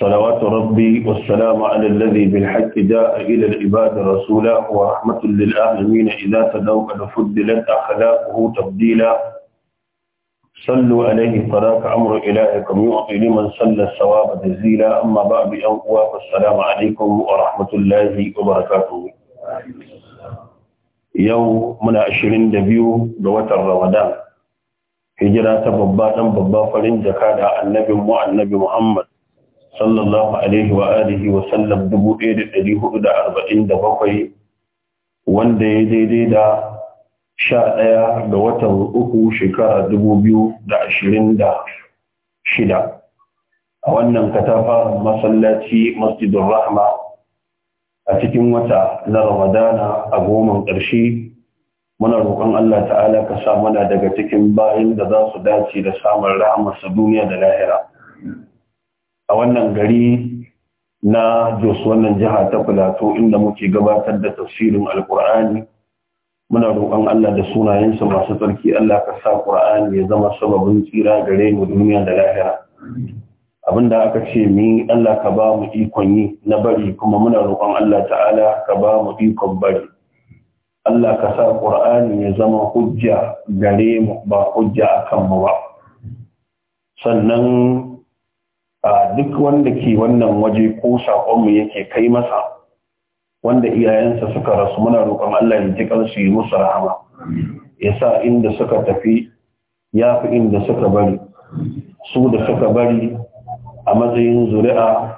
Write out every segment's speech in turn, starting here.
صلوات ربي والسلام على الذي بالحق جاء إلى العباد رسولا ورحمة للعالمين إذا تدوك لفدلت أخلاقه تبديلا صلوا عليه فراك أمر إلهكم يعطي لمن صلى الثواب تزيلا أما بعد أنقوا فالسلام عليكم ورحمة الله وبركاته يوم من عشرين دبيو دوة الرمضان هجرة ببا ببا فرنجك على النبي وعلى النبي محمد sallallahu alaihi wa alihi wa sallam 1447 wanda ya daidai da 11 ga watan uku shekara 2026 a wannan katafa masallaci masjidun rahma a cikin wata na ramadana a goman ƙarshe muna roƙon Allah ta'ala ka sa muna daga cikin bayan da za su dace da samun rahamarsa duniya da lahira a wannan gari na Jos wannan jiha ta Filato inda muke gabatar da tafsirin Alƙur'ani. Muna roƙon Allah da sunayensa masu tsarki Allah ka sa Ƙur'ani ya zama sababin tsira gare mu duniya da lahira. Abinda aka ce mi Allah ka ba mu ikon yi na bari kuma muna roƙon Allah ta'ala ka ba mu ikon bari. Allah ka sa Ƙur'ani ya zama hujja gare mu ba hujja a mu ba. Sannan duk wanda ke wannan waje ko saƙonmu yake kai masa wanda iyayensa suka rasu muna roƙon Allah ya ji kansu yi musu rahama ya sa inda suka tafi ya fi inda suka bari su da suka bari a matsayin zuri'a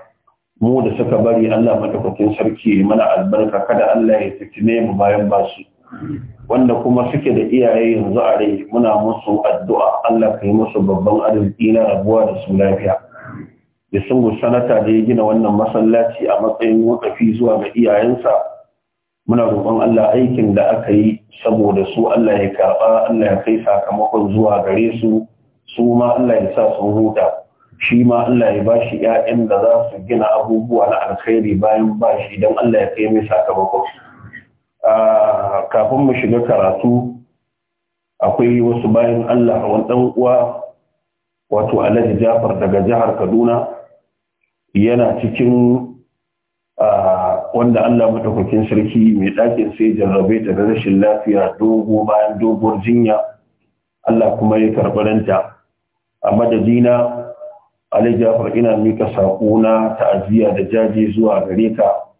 mu da suka bari Allah madaukakin sarki mana albarka kada Allah ya fitine mu bayan ba su, wanda kuma suke da iyaye yanzu a rai muna musu addu'a Allah ka yi musu babban arziki na rabuwa da su lafiya da sungu sanata da ya gina wannan masallaci a matsayin wakafi zuwa ga iyayensa muna roƙon Allah aikin da aka yi saboda su Allah ya karɓa Allah ya kai sakamakon zuwa gare su su ma Allah ya sa sun huta shi ma Allah ya bashi ƴaƴan da za su gina abubuwa na alkhairi bayan bashi don Allah ya kai mai sakamakon kafin mu shiga karatu akwai wasu bayan Allah wani ɗan uwa wato Alhaji Jafar daga jihar Kaduna yana cikin wanda Allah madaukakin sarki mai ɗakin sai jarrabe ta da rashin lafiya dogo bayan doguwar jinya Allah kuma ya karɓaranta a madadina Ali Jafar ina mika saƙo na ta'aziyya da jaje zuwa gare ka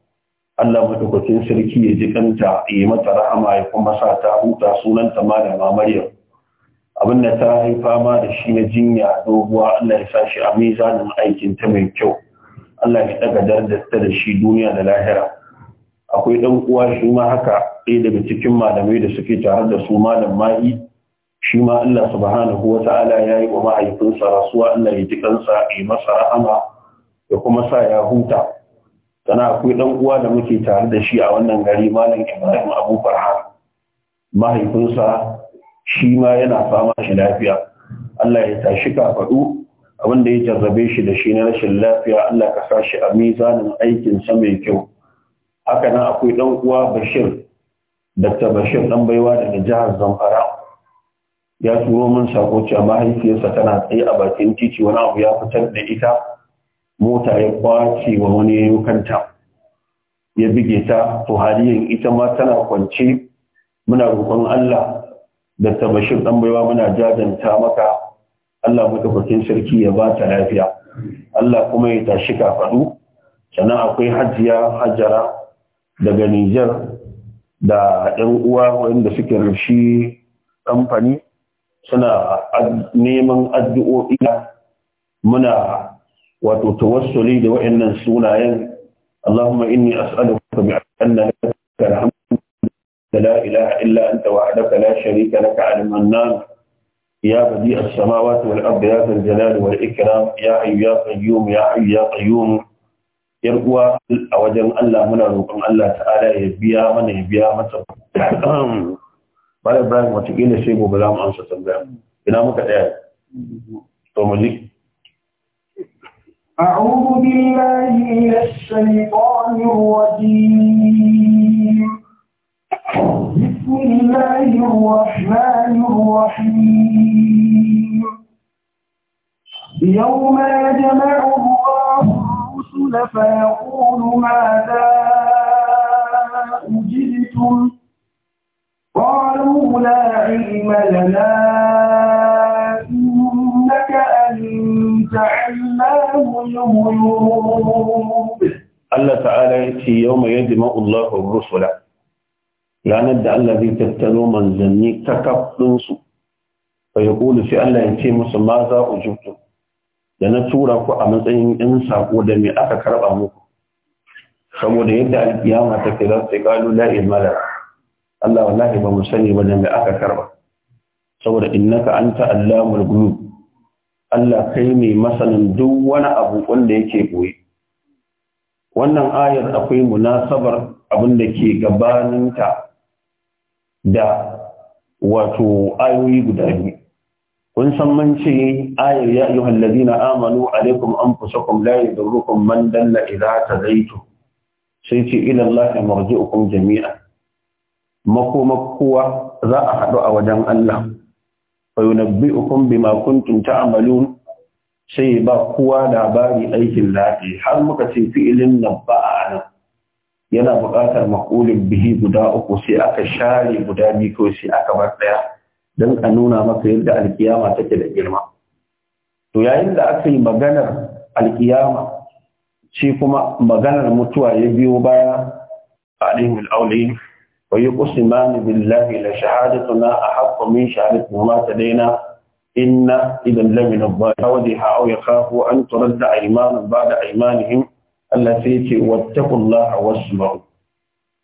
Allah madaukakin sarki ya ji kanta ya mata rahama ya kuma sa ta huta sunanta malama Maryam abin da ta haifa ma da shi na jinya doguwa Allah ya sa shi a mizanin aikin ta mai kyau Allah ya daga darajarta da shi duniya da lahira akwai dan uwa shi ma haka ɗaya daga cikin malamai da suke tare da su malam ma'i shi ma Allah subhanahu wa ya yi wa mahaifinsa rasuwa Allah ya ji kansa ya masa rahama ya kuma sa ya huta Tana akwai dan uwa da muke tare da shi a wannan gari malam Ibrahim Abu Farhan mahaifinsa shi ma yana fama shi lafiya Allah ya tashi ka faɗu abin ya jarrabe shi da shi na rashin lafiya Allah ka sashi a mizanin aikin sa mai kyau haka nan akwai dan uwa Bashir Dr. Bashir dan baiwa daga jihar Zamfara ya turo min sako cewa mahaifiyarsa tana tsaye a bakin titi wani abu ya fitar da ita mota ya kwace wa wani yayin kanta ya bige ta to haliyan ita ma tana kwance muna roƙon Allah Dr. Bashir dan baiwa muna jajanta maka Allah madaukakin sarki ya ba ta lafiya Allah kuma ya tashi kafadu sana akwai hajiya hajara daga Nijar da ɗan uwa wanda suke rushi kamfani suna neman addu'o'i muna wato tawassuli da wa'annan sunayen اللهم ka أسألك بأن لك الحمد لا إله illa أنت وحدك لا شريك لك على المنان يا بديع السماوات والأرض يا ذا الجلال والإكرام يا حي يا قيوم يا حي يا قيوم يرقوا أوجن الله منا روكم الله تعالى يبيا من يبيا متى بل إبراهيم وتقيل سيبو بلام أنسى تبلام بنا مكتئب تومجي أعوذ بالله من الشيطان الرجيم بسم الله الرحمن الرحيم يوم يجمع الله الرسل فيقول ماذا أجلتم قالوا لا علم لنا إنك أنت علام الغيوب الله تعالى يأتي يوم يجمع الله الرسل ranar da Allah zai tattaro manzanni ta kafinsu ba ya ƙulu sai Allah ya ce musu ma za ku jirtu, da na tura ku a matsayin yan sako da me aka karɓa muku saboda yadda alƙiyama ta fi za ƙalu kalu malar, Allah wa Allah ba mu sani ba da me aka karɓa. saboda ka anta an ta Allah kai mai masanin duk wani abu wanda yake boye wannan ayar akwai munasabar abin da ke gabaninta da wato ayoyi guda biyu kun san mun ce ayar ya ayyuhal ladina amanu alaikum anfusakum la yadurukum man dalla idza tadaitu sai ce ila Allah marji'ukum jami'a makoma kowa za a hadu a wajen Allah fa yunabbi'ukum bima kuntum ta'malun sai ba kowa labari aikin lafi har muka ce fi'ilin nabba'a nan yana buƙatar maƙulin bihi guda uku sai aka share guda biyu kawai sai aka bar ɗaya don a nuna maka yadda alkiyama take da girma to yayin da aka yi maganar alkiyama shi kuma maganar mutuwa ya biyo baya alim al-awli wa yuqsiman billahi la shahadatuna ahqqu min shahadatina ma daina inna idan lamina dhawadiha aw yakhafu an turadda aymanun ba'da aymanihim Allah sai ya ce wattaqullaha wasma'u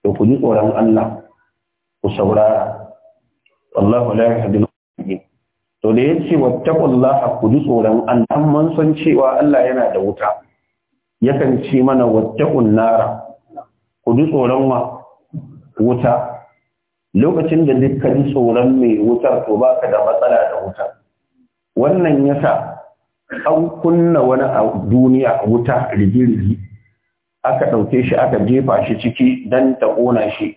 to ku ji tsoron Allah ku saurara wallahu la yahdil to da yace wattaqullaha ku ji tsoron Allah amma san cewa Allah yana da wuta yakan ce mana wattaqun nara ku ji tsoron wa wuta lokacin da duk ka ji tsoron mai wutar to baka da matsala da wuta wannan yasa an kunna wani a duniya wuta rigirgi aka ɗauke shi aka jefa shi ciki dan ta ƙona shi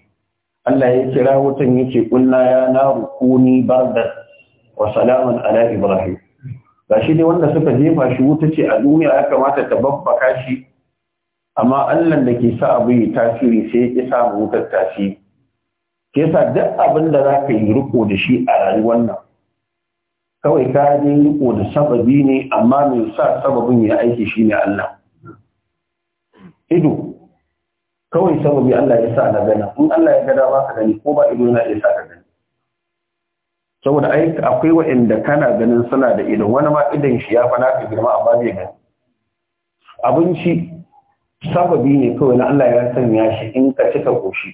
Allah ya kira wutan yake kunna ya naru kuni bardan wa salamun ala ibrahim shi ne wanda suka jefa shi wuta ce a duniya ya kamata ta babbaka shi amma Allah da ke sa abu yi tasiri sai ya sa wutar tasiri ke sa duk abin da za ka yi riko da shi a rayuwar nan kawai ka je riko da sababi ne amma mai sa sababin ya aiki shi ne Allah ido kawai sababi Allah ya sa na gani. in Allah ya gada ba ka gani ko ba ido yana ya sa ka gani saboda ai akwai waɗanda kana ganin suna da ido wani ma idan shi ya fana ka girma amma bai gani abinci sababi ne kawai na Allah ya san ya shi in ka cika koshi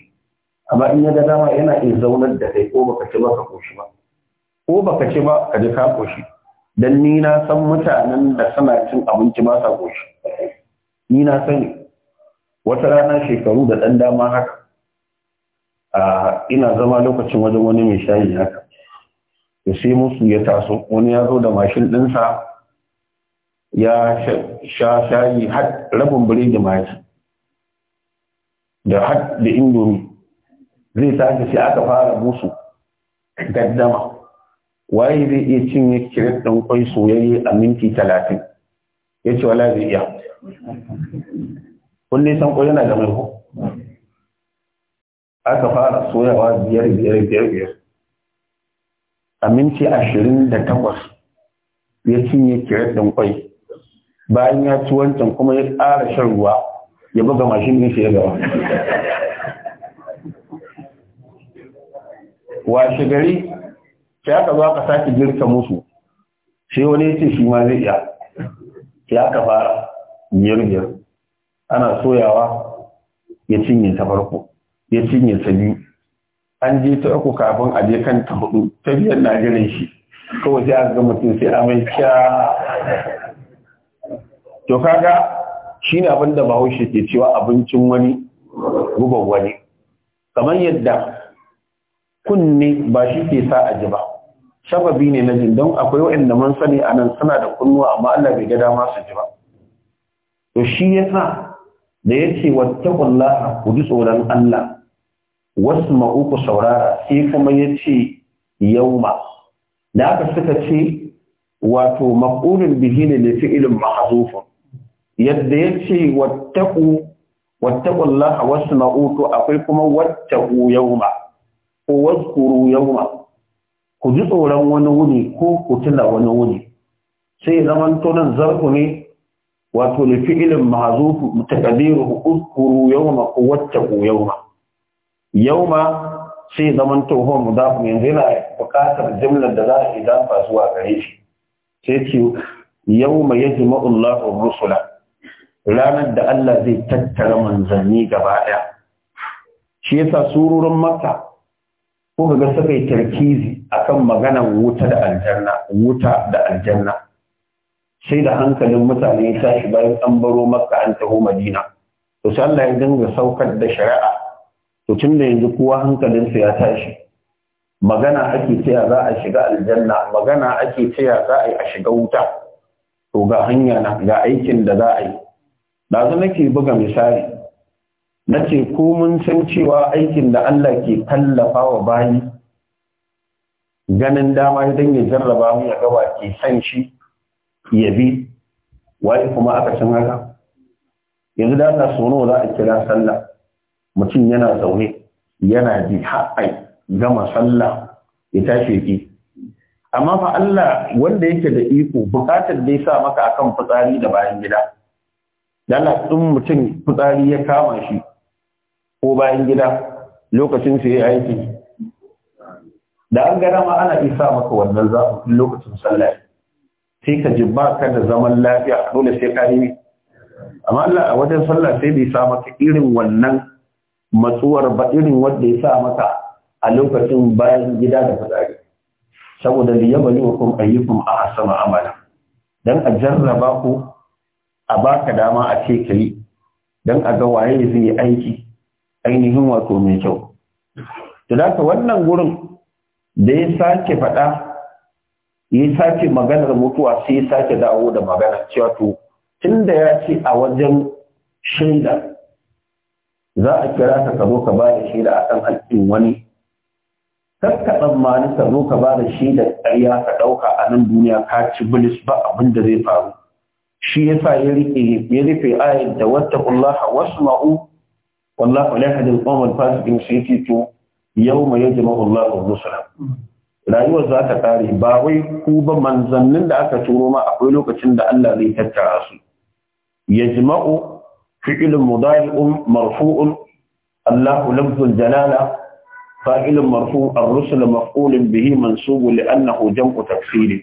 amma in ya ga dama yana in zaunar da kai ko baka ci ba ka koshi ba ko baka ci ba ka ji ka koshi dan ni na san mutanen da suna cin abinci ba sa koshi ni na sani wata rana shekaru da ɗan dama haka ina zama lokacin wajen wani mai shayi haka da sai musu ya taso wani ya zo da mashin ɗinsa ya sha shayi har rabin biredi ma da har da indomi zai tashi sai aka fara musu gaddama waye zai iya cinye kiret ɗin kwai soyayye a minti talatin ya ce wala zai iya kun san ko yana da mai ko aka fara soyawa biyar biyar biyar biyar a minti ashirin da takwas ya cinye kiret ɗin kwai bayan ya ci wancan kuma ya ƙara shan ruwa ya buga mashin ɗin shi ya gaba washe gari sai aka zo aka sake girka musu sai wani ya ce shi ma zai iya sai aka fara biyar biyar ana soyawa ya cinye ta farko ya cinye ta biyu an je ta uku kafin a je kan ta hudu ta biyar na jiran shi kawai sai aka ga mutum sai amai kya to kaga shi ne abin da bahaushe ke cewa abincin wani gubar wani kamar yadda kunne ba shi ke sa a ji ba sababi ne na jin don akwai waɗanda mun sani a nan suna da kunnuwa amma Allah bai ga dama su ji ba to shi ya sa. da ya ce wattaqullaha ku ji tsoron Allah wasu ku saurara sai kuma ya ce yauma da aka suka ce wato maqulun bihi ne li fi'lin mahzufun yadda ya ce wattaqu wattaqullaha wasu to akwai kuma wattaku yauma ko waskuru yauma ku ji tsoron wani wuni ko ku tuna wani wuni sai zaman to nan ne wato li fi'lin mahzufu taqdiruhu uzkuru yawma quwwatahu yawma yawma sai zaman to ho yanzu yana buƙatar jumlar da za a idafa zuwa gare shi sai ce yawma yajma'u Allahu rusula ranar da Allah zai tattara manzanni gaba ɗaya shi yasa sururin maka kuka ga suka yi tarkizi akan maganar wuta da aljanna wuta da aljanna sai da hankalin mutane ya tashi bayan an baro makka an taho madina to sai Allah ya dinga saukar da shari'a to tun da yanzu kowa hankalinsa ya tashi magana ake cewa za a shiga aljanna magana ake cewa za a yi a shiga wuta to ga hanya na ga aikin da za a yi ɗazu nake buga misali nace ko mun san cewa aikin da Allah ke tallafa wa bayi ganin dama idan ya jarraba mu ya gaba ke san shi yabi waye kuma a ƙarshen haka yanzu da Allah sono za a kira sallah mutum yana zaune yana ji haɓai gama sallah ya tashi ki amma fa Allah wanda yake da iko bukatar da ya sa maka akan fitsari da bayan gida Allah in mutum fitsari ya kama shi ko bayan gida lokacin su yayi aiki da an gara ma ana isa maka wannan zafin lokacin sallah sai ka ji ba ka da zaman lafiya dole sai ka yi amma Allah a wajen sallah sai bai sa maka irin wannan matsuwar ba irin wanda ya sa maka a lokacin bayan gida da fitsari saboda kum ayyukum asama amala dan a jarraba ku a baka dama a ce kai dan a ga waye zai aiki ainihin wato mai kyau. To da wannan gurin da ya sake faɗa ya sace maganar mutuwa sai ya sake dawo da magana cewa to tunda ya ce a wajen shaida za a kira ka ka zo ka ba da shaida a kan haƙƙin wani kar ka tsammani ka zo ka ba da shaida ƙarya ka ɗauka a nan duniya ka ci bilis ba abin da zai faru shi yasa ya rike ya rufe ayin da wata wattaqullaha wasma'u wallahu la yahdil ya fasiqin sai ce to yawma yajma'u Allahu rusula rayuwar za ta kare ba wai ku ba manzannin da aka turo ma akwai lokacin da Allah zai tattara su yajma'u fi'lun mudari'un marfu'un Allahu lafzul jalala fa'ilun marfu' ar-rusul maf'ulun bihi mansubu li'annahu jam'u tafsili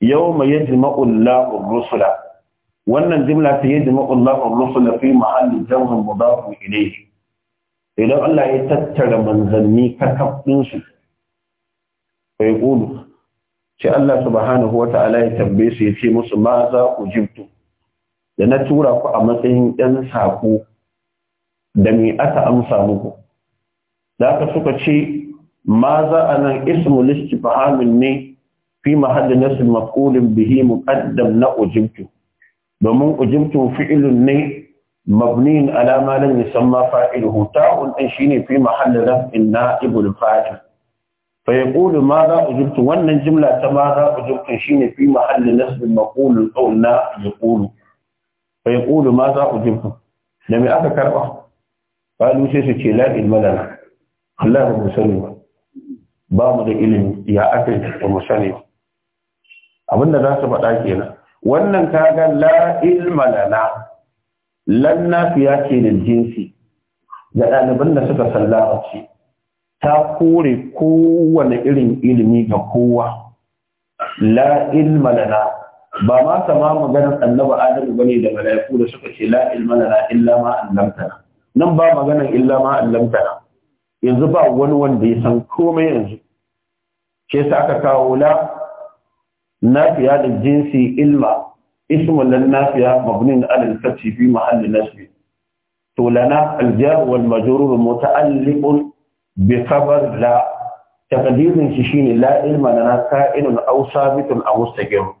yawma yajma'u Allahu ar-rusula wannan jumla ta yajma'u Allahu ar-rusula fi mahalli jam'un mudaf ilayhi idan Allah ya tattara manzanni kakaf din su bai ƙulu ce Allah subhanahu wa ta'ala ya tambaye su ya ce musu ma za ku da na tura ku a matsayin yan saƙo da mai aka amsa muku da aka suka ce ma za a nan ismu listi fahamin ne fi mahalli nasu maƙulin bihi muƙaddam na ujibtu domin ujibtu fi'ilun ne مبني على ما لم يسمى فاعله تاء ان شيني في محل na نائب الفاعل fa ma za ujibtu wannan jimla ta ma za ujibtu shine fi mahalli nasb maqul qawl na yaqulu fa yaqulu ma za ujibtu da me aka karba qalu sai su ce la ilma lana Allah mu sani ba mu da ilimi ya aka mu sani abinda za su faɗa kenan wannan kaga la ilma lana da jinsi ga ɗaliban da suka sallafa ta kore kowane irin ilimi ga kowa la ilma lana ba ma sama maganar annabi adam bane da malaiku da suka ce la ilma lana illa ma allamtana nan ba magana illa ma allamtana yanzu ba wani wanda ya san komai yanzu Ke sa aka kawo la nafiya da jinsi ilma اسم للنافية مبني على الفتح في محل نسب تولنا الجار والمجرور متعلق bi khabar la taqdirin shi shine la ilma lana ka'inun aw sabitun aw mustaqim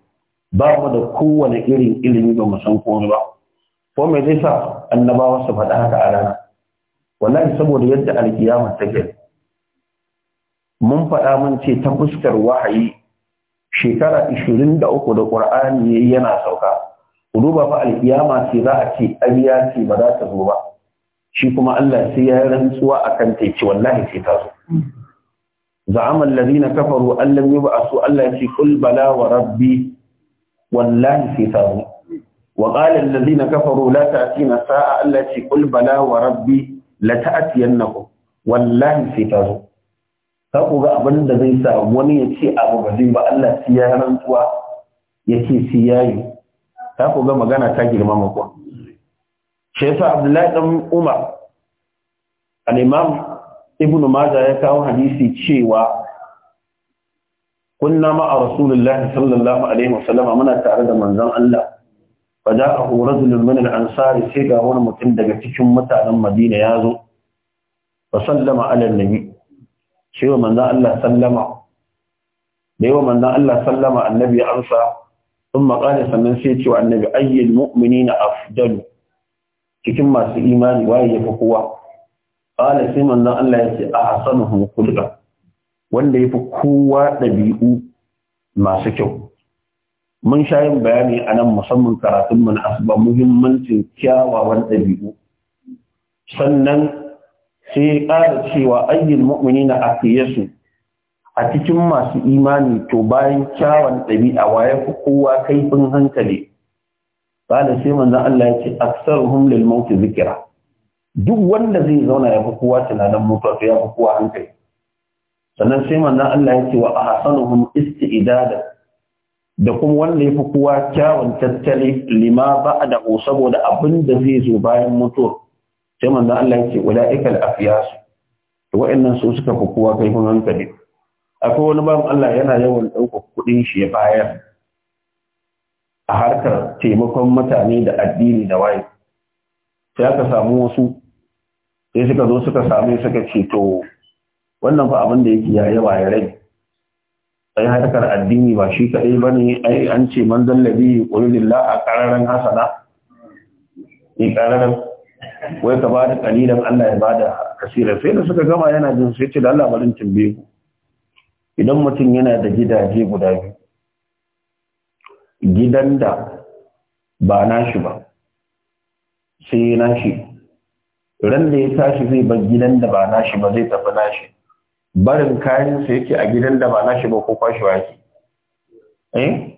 ba mu da kowane irin ilimi ba mu san ba ko me zai sa annabawa su faɗa haka a rana wallahi saboda yadda alkiyama take mun faɗa mun ce ta fuskar wahayi shekara 23 da Qur'ani yayi yana sauka duba fa alkiyama ce za a ce abiya ba za ta zo ba shi kuma Allah sai ya rantsuwa akan ta yace wallahi sai ta zo za'ama alladhina kafaru an lam yub'asu Allah yace kul bala wa rabbi wallahi sai ta zo wa qala alladhina kafaru la ta'tina sa'a Allah yace kul bala wa rabbi la ta'tiyannakum wallahi sai ta zo ka ku ga abin da zai sa wani ya ce abu ba zai ba Allah sai ya rantsuwa ya ce sai yayi ka ku ga magana ta girma kuwa shi yasa abdullahi dan umar al-imam ibn majah ya kawo hadisi cewa kunna ma'a rasulullahi sallallahu alaihi wasallama muna tare da manzon Allah fada'ahu rajulun min al-ansari sai ga wani mutum daga cikin mutanen Madina ya zo fa sallama ala annabi cewa manzon Allah sallama da yawa manzon Allah sallama annabi amsa ثم قال sannan sai cewa annabi ayyul mu'minina afdalu cikin masu imani waye ya fi kowa ƙala sai manzon Allah ya ce a hasanuhum khulqa wanda ya fi kowa ɗabi'u masu kyau mun sha yin bayani a nan musamman karatun mu na asuba muhimmancin kyawawan ɗabi'u sannan sai ya ƙara cewa ayyul na aqiyasu a cikin masu imani to bayan kyawan ɗabi'a waye fi kowa kaifin hankali qala sai manzon Allah ya ce aksaruhum lil maut zikra duk wanda zai zauna ya fi kowa tunanin mutuwa ya fi kowa hankali sannan sai manzon Allah ya ce wa ahsanuhum isti'dada da kuma wanda ya fi kowa kyawun tattali lima ba'da saboda abin da zai zo bayan mutuwa sai manzon Allah ya ce ulaika al-afyas wa'annan su suka fi kowa kaifin hankali akwai wani bayan Allah yana yawan ɗaukar kuɗin shi ya bayar a harkar taimakon mutane da addini da waye sai aka samu wasu sai suka zo suka same suka ce to wannan fa abin da yake yayi ba ya rage ai harkar addini ba shi kadai bane ai an ce man zallabi qulillah a qararan hasana ni qararan wai ka bada kalilan Allah ya bada kasira sai da suka gama yana jin sai ce da Allah barin tambaye ku idan mutum yana da gidaje guda biyu gidan da ba nashi ba sai nashi ran da ya tashi zai bar gidan da ba nashi ba zai tafi nashi barin kayansa yake a gidan da ba nashi ba ko kwashewa yake eh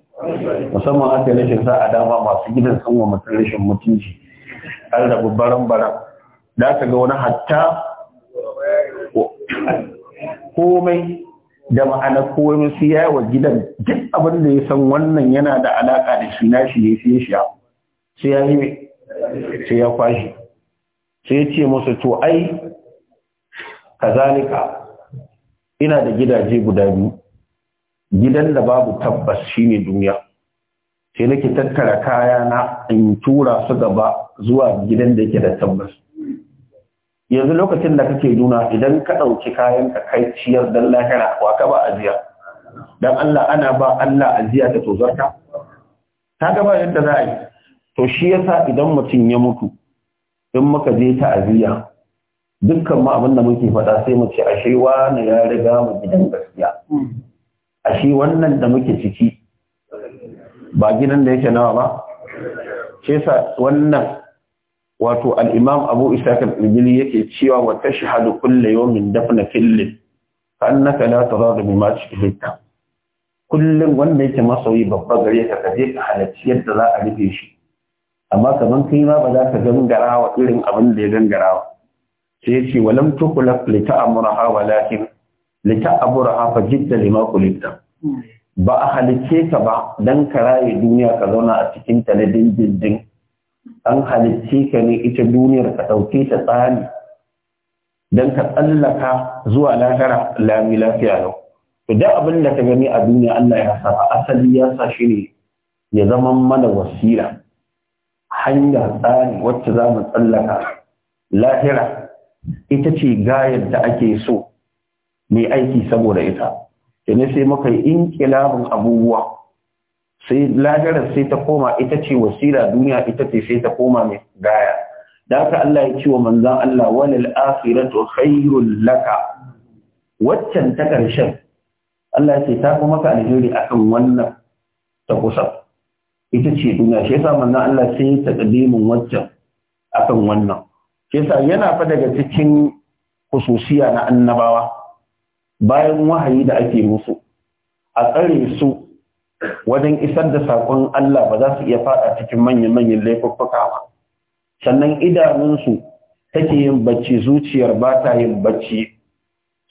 musamman aka rashin za a dama masu gidan sun wa mutum rashin mutunci an rabu baran baran da ga wani hatta komai da ma'ana ko wani ya wa gidan duk abin da ya san wannan yana da alaka da shi na shi ne sai shi sai ya yi sai ya kwashi sai ya ce masa to ai kazalika ina da gidaje guda biyu gidan da babu tabbas shine duniya sai nake tattara kayana in tura su gaba zuwa gidan da yake da tabbas yanzu lokacin da kake juna idan ka ɗauki kayan ka kai ciyar don lahira wa ka ba ajiya don Allah ana ba Allah ajiya ta tozarta ta gaba yadda za a yi to shi yasa idan mutum ya mutu in muka je ta aziya dukkan ma abin da muke faɗa sai mu ce ashe wani ya riga mu gidan gaskiya ashe wannan da muke ciki ba gidan da yake nawa ba ce sa wannan wato al-imam abu Isaka al-ibili yake cewa wa tashhadu kulle yawmin dafna fillin annaka la taradu bima shahidta kullum wanda yake masoyi babba gare ka kaje ka halarci yadda za a rufe shi amma kaman kai ma ba za ka gangarawa irin abin da ya gangarawa sai ya ce walam tukula lita amuraha walakin lita aburaha fa jidda lima kulita ba a halice ka ba dan ka raye duniya ka zauna a cikin ta na dindindin an halitti ka ne ita duniyar ka ɗauke ta tsari don ka tsallaka zuwa lahara. lami lafiya lau. To da abin da ka gani a duniya Allah ya sa asali ya sa shi ne ya zama mana wasila hanyar tsari wacce za mu tsallaka lahira ita ce gayar da ake so mai aiki saboda ita. ne sai muka yi inƙilabin abubuwa sai lahirar sai ta koma ita ce wasila duniya ita ce sai ta koma mai gaya da aka Allah ya ce wa manzan Allah walil akhiratu khairul laka waccan ta ƙarshen. Allah ya ce ta kuma maka alheri akan wannan ta kusa ita ce duniya shi yasa manzan Allah sai ta kadimin waccan akan wannan shi yasa yana fa daga cikin hususiya na annabawa bayan wahayi da ake musu a tsare su wajen isar da saƙon Allah ba za su iya faɗa cikin manyan-manyan laifuffuka ba sannan idanunsu take yin bacci zuciyar ba ta yin bacci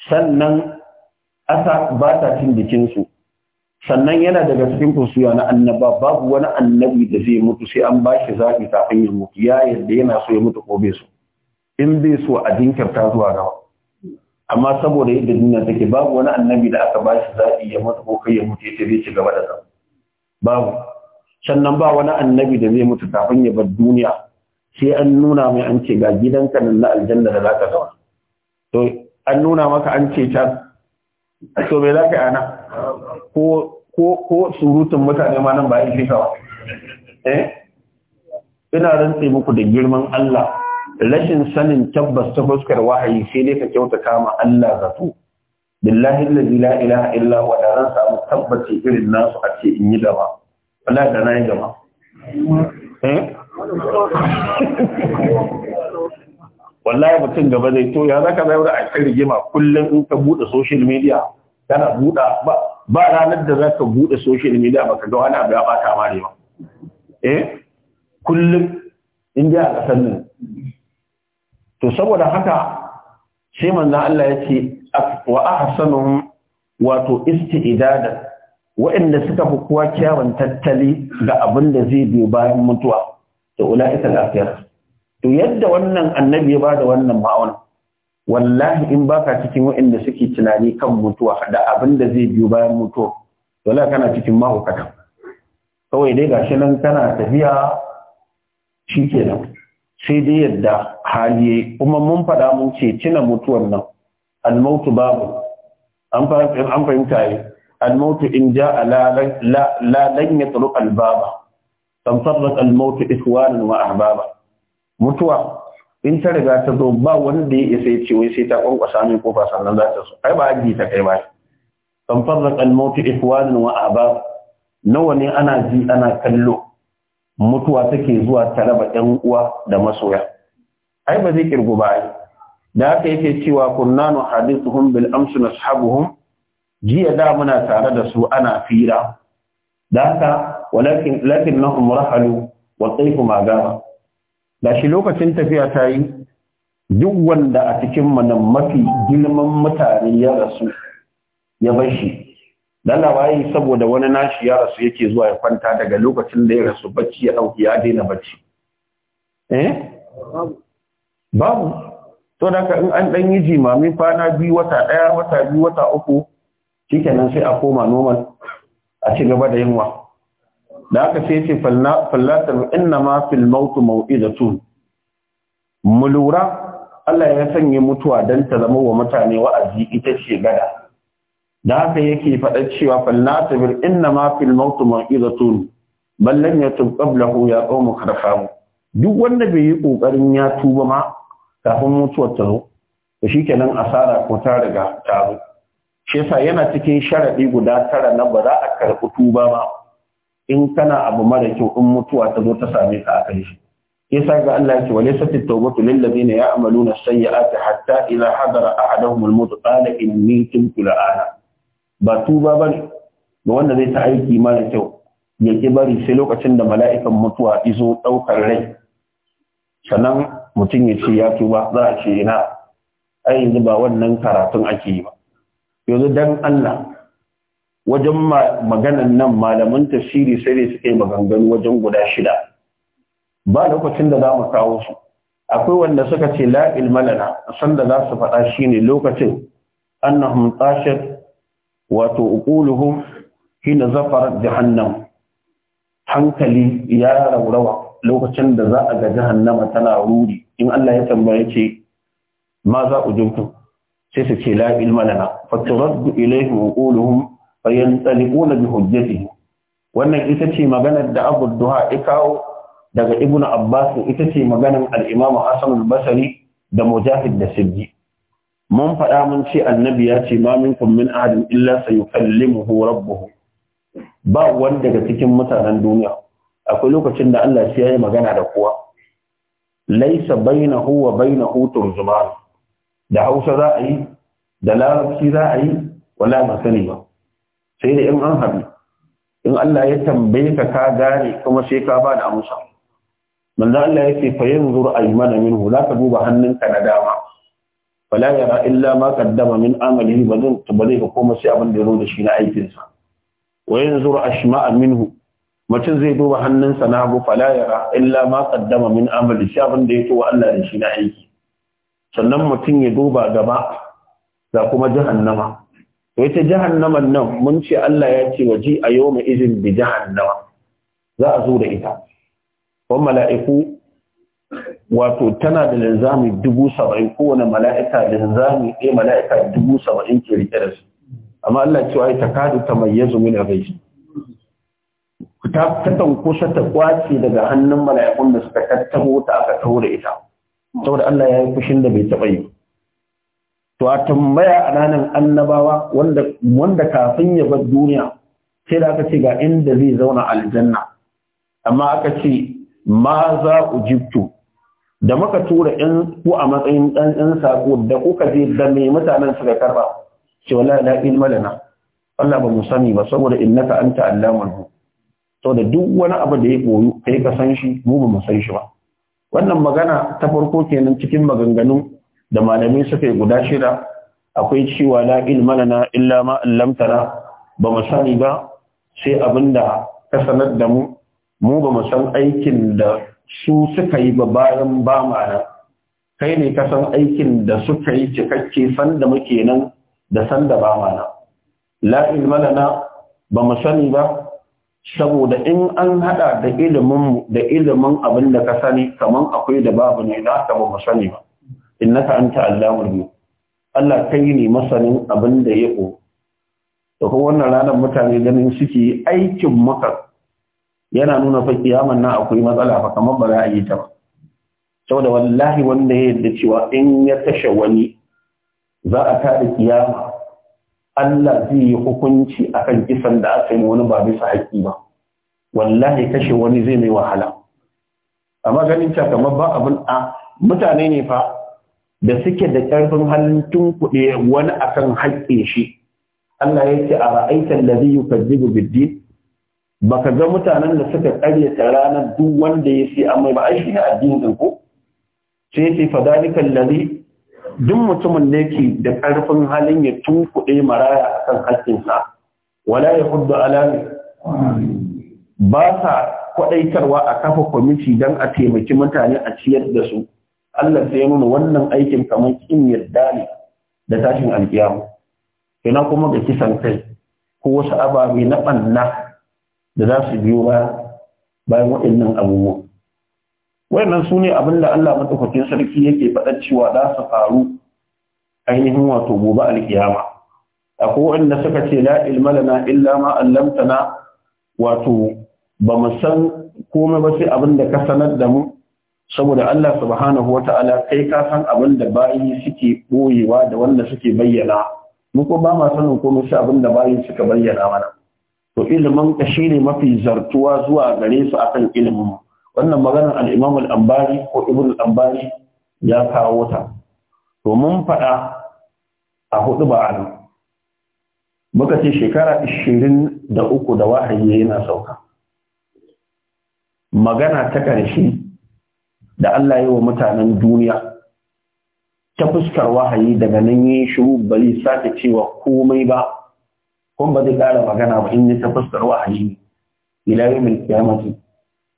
sannan asa ba ta cin jikinsu sannan yana daga cikin kusuya na annaba babu wani annabi da zai mutu sai an ba shi zaɓi kafin ya mutu ya yadda yana so ya mutu ko bai so in bai so a jinkirta zuwa gaba amma saboda yadda duniya take babu wani annabi da aka ba shi zaɓi ya mutu ko kai ya mutu ya zai ci gaba da zama babu sannan ba wani annabi da zai mutu kafin ya bar duniya sai an nuna mai an ce ga gidanka nan na aljanna da zaka zama to an nuna maka an ce can to me zaka yi ana ko ko ko surutun mutane ma nan ba ya ba eh ina rantse muku da girman Allah rashin sanin tabbas ta fuskar wahayi sai dai ka kyauta kama Allah zato billahi la ilaha illa wa da ran samu tabbaci irin nasu a ce in yi gaba Wala da na yi gaba eh wallahi mutum gaba zai to ya zaka zai a kan rigima kullum in ka bude social media kana buɗa ba ba ranar da za ka bude social media ka ga wani abu ya ba ta mare ba eh kullum in ji a ƙasar nan to saboda haka sai manzan Allah ya ce wa ahsanuhum wato isti'dadan waɗanda suka fi kowa kyawun tattali ga abin da zai biyo bayan mutuwa da ula'ika lafiya to yadda wannan annabi ya ba da wannan ma'auna wallahi in baka cikin waɗanda suke tunani kan mutuwa da abin da zai biyo bayan mutuwa to la kana cikin mahaukata kawai dai gashi nan kana tafiya shi kenan sai dai yadda hali kuma mun faɗa mun ce cina mutuwar nan almautu babu an fahimta yi almautu in ja a lalan ya tsaro albaba da almautu iswanin wa ahbaba mutuwa in ta riga ta zo ba wanda ya isa ya ce wai sai ta kwankwasa min kofa sannan za ta so ai ba aji ta kai ba da almautu iswanin wa ahbaba nawa ne ana ji ana kallo mutuwa take zuwa ta raba 'yan uwa da masoya ai ba zai kirgu ba da aka yake cewa kunnanu hadithuhum bil amsu nashabuhum jiya da muna tare da su ana fira da haka walakin lakinnahum rahalu wa tayfu ma gama da shi lokacin tafiya ta yi duk wanda a cikin manan mafi girman mutane ya rasu ya bar shi lalawaye saboda wani nashi ya rasu yake zuwa ya kwanta daga lokacin da ya rasu bacci ya dauki ya daina bacci eh babu to da in an dan yi jimami kwana biyu wata daya wata biyu wata uku shikenan sai a koma normal a ci gaba da yunwa. da aka sai ce ta inna ma fil mautu mau'izatun mu Allah ya sanya mutuwa dan ta zama wa mutane wa'azi ita ce gada da haka yake faɗa cewa fallatar inna ma fil mautu mau'izatun ballan ya tub qablahu ya qawmu karfamu duk wanda bai yi kokarin ya tuba ma kafin mutuwar ta zo da shi kenan asara ko ta riga ta zo shi yasa yana cikin sharaɗi guda tara na ba za a karɓi tuba ba in kana abu mara kyau in mutuwa ta zo ta same ka a kai shi yasa ga Allah yake wa laysa at-tawbatu lil ladina ya'maluna as-sayyi'ati hatta idha hadara ahaduhum al-maut qala inni tubtu la'ana ba tuba ne, ga wanda zai ta aiki mara kyau ya ki bari sai lokacin da mala'ikan mutuwa izo daukar rai sannan mutum ya ce ya tuba za a ce ina a yanzu ba wannan karatun ake yi ba yanzu dan Allah wajen maganan nan malaman tafsiri sai da suka yi maganganu wajen guda shida ba lokacin da za mu kawo su akwai wanda suka ce la ilma lana san da za su faɗa shine lokacin annahum tashat wato uquluhum hina zafarat jahannam hankali ya raurawa lokacin da za a ga jahannama tana ruri in Allah ya tambaya ce ma za ujumtum sai su ce la ilma lana faturaddu ilayhi uquluhum fayantalikuna bi hujjatihi wannan ita ce maganar da Abu Duha ya daga Ibn Abbas ita ce maganar al hassan albasari da Mujahid da sirji mun faɗa mun ce annabi ya ce ma minkum min ahadin illa sayukallimuhu rabbuhu ba wanda daga cikin mutanen duniya akwai lokacin da Allah sai ya yi magana da kowa laisa bainahu wa bainahu turjuman da Hausa za a yi da Larabci za a yi wala ba sani ba sai da in an haɗu in Allah ya tambaye ka ka gane kuma sai ka ba da amsa manzo Allah yake fa yanzur aymana minhu la ka duba hannunka na dama wala yara illa ma qaddama min amalihi bazan tabare ka koma sai abin da ya zo da shi na aikinsa wa yanzur ashma'a minhu mutum zai duba hannunsa na hagu fala yara illa ma kaddama min amali shi abin da ya wa Allah da shi na aiki sannan mutum ya duba gaba da kuma jahannama to ita jahannaman nan mun ce Allah ya ce waji a yawma izin bi jahannama za a zo da ita wan mala'iku wato tana da linzami dubu saba'in kowane mala'ika linzami ɗaya mala'ika dubu saba'in ke riƙe da su amma Allah cewa ita kadu ta mayyazu a gaisu. ta takan kusa ta kwace daga hannun mala'ikun da suka tattabo ta aka taho da ita saboda Allah ya yi fushin da bai taɓa yi to a tambaya a ranar annabawa wanda wanda kafin ya bar duniya sai da aka ce ga inda zai zauna aljanna amma aka ce ma za ujibtu da muka tura ɗan ku a matsayin ɗan ɗan sako da kuka je da mutanen suka karɓa ce wala la ilma lana Allah ba mu sani ba saboda innaka anta allamul sau da duk wani abu da ya koyu kai ka san shi mu ba mu san shi ba wannan magana ta farko kenan cikin maganganun da malamai suka yi guda shida akwai cewa la ilma lana illa ma allamtana ba mu sani ba sai abinda ka sanar da mu mu ba mu san aikin da su suka yi ba bayan ba ma'ana kai ne ka san aikin da suka yi cikakke san da muke nan da san da ba ma'ana la ilma lana ba mu sani ba saboda in an hada da ilimin da ilimin abin da ka sani kaman akwai da babu ne da ka ba sani ba innaka anta allahu rabbi Allah kai ne masanin abin da ya ko to kuma wannan ranar mutane ganin suke aikin maka yana nuna fa kiyaman nan akwai matsala fa kamar ba za a yi ta ba saboda wallahi wanda ya yarda cewa in ya kashe wani za a tada kiyama Allah zai yi hukunci akan kisan da aka yi wani ba bisa haƙi ba wallahi kashe wani zai mai wahala amma ganin ta kamar ba abin a mutane ne fa da suke da ƙarfin halittun kuɗi wani akan haƙƙin shi Allah ya ce a ra'aitan da zai yukazzibu Ba baka ga mutanen da suka ƙaryata ranar duk wanda ya sai amma ba ai shi ne addinin ko sai ya ce fadalikan ladhi duk mutumin da yake da karfin halin ya tunkuɗe maraya a kan haƙƙinsa wala ya hudu alami ba sa kwaɗaitarwa a kafa kwamiti don a taimaki mutane a ciyar da su Allah sai nuna wannan aikin kamar ƙin yarda ne da tashin alƙiyamu ina kuma ga kisan kai ko wasu ababe na ɓanna da za su biyo bayan waɗannan abubuwa. wayannan su ne abin da Allah madaukakin sarki yake faɗa cewa za su faru ainihin wato gobe alkiyama akwai wanda suka ce la ilma lana illa ma allamtana wato ba mu san komai ba sai abin da ka sanar da mu saboda Allah subhanahu wa ta'ala kai ka san abin da bayi suke ɓoyewa da wanda suke bayyana mu ko ba ma sanin komai sai abin da bayi suka bayyana mana to ilimin ka shine mafi zartuwa zuwa gare su akan ilimin wannan maganar al-Imam al-Ambari ko Ibn al-Ambari ya kawo ta to mun faɗa a hudu ba a muka ce shekara 23 da uku da wahayi yana sauka magana ta ƙarshe da Allah ya yi wa mutanen duniya ta fuskar wahayi daga nan yi shiru bari sake cewa komai ba kuma ba zai ƙara magana ba in ta fuskar wahayi ila yau mai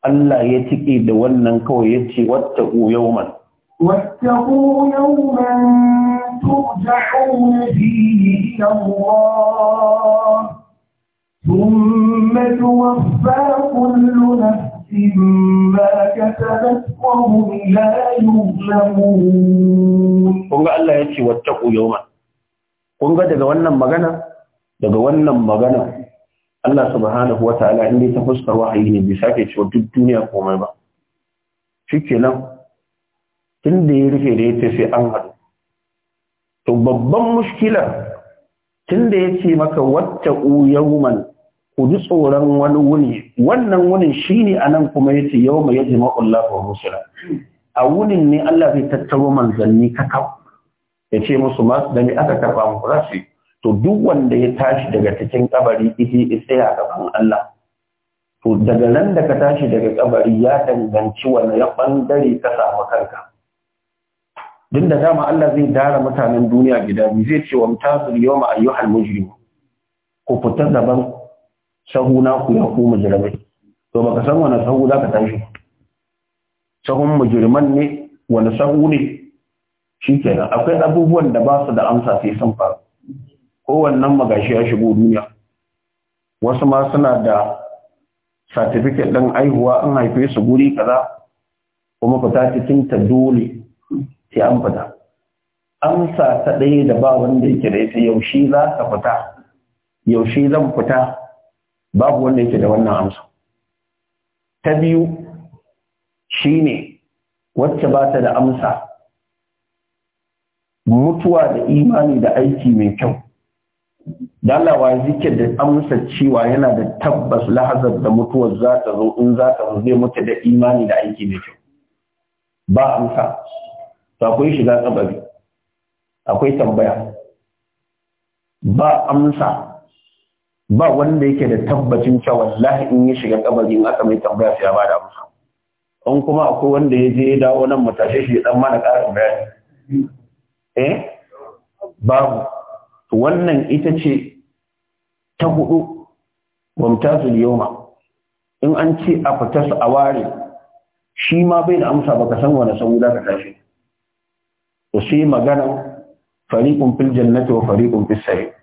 Allah ya tike da wannan kawai ya ce wata yawman واتقوا يوما ترجعون فيه إلى الله kun ga Allah ya ce wata yawman kun ga daga wannan magana daga wannan magana Allah subhanahu wa ta'ala in dai ta fuskar wahayi ne bai sake cewa duk duniya komai ba shikenan tun da ya rufe da ya ce sai an haɗu to babban mushkilar tun da ya ce maka wata yawman ku ji tsoron wani wuni wannan wunin shine anan kuma yace yawma yajma'u wa rusula a wunin ne Allah zai tattaro manzanni kakau ya ce musu masu da me aka karba mu za to duk wanda ya tashi daga cikin kabari ihi tsaya gaban Allah to daga nan da ka tashi daga kabari ya danganci wani ya bangare ka samu kanka din da dama Allah zai dara mutanen duniya gida biyu zai ce wa mutazir yawma ayyuhal mujrim ku fita daban sahuna ku ya ku mujrimai to baka san wani sahu za ka tashi sahun mujriman ne wani sahu ne shikenan akwai abubuwan da ba su da amsa sai sun faru kowannen magashi ya shigo duniya wasu ma suna da satifiket ɗin aihuwa an haife su guri kaza kuma fita cikin ta dole sai an fita amsa ta ɗaya da ba wanda yake da ita yaushe za ka fita yaushe zan fita babu wanda yake da wannan amsa ta biyu shine wacce ba ta da amsa mutuwa da imani da aiki mai kyau da Allah wa yake da amsa cewa yana da tabbas lahazar da mutuwar za ta zo in za ta zai mutu da imani da aiki mai kyau ba amsa to akwai shiga kabari akwai tambaya ba amsa ba wanda yake da tabbacin cewa wallahi in ya shiga kabari in aka mai tambaya sai ya bada amsa in kuma akwai wanda ya je ya dawo nan matashe shi ya dan mana karin bayani eh babu wannan ita ce ta hudu wamtazul yawma in an ce a fita su a ware shi ma bai da amsa baka san wani sabu da ka tashi to sai magana fariqun fil jannati wa fariqun fis sa'ir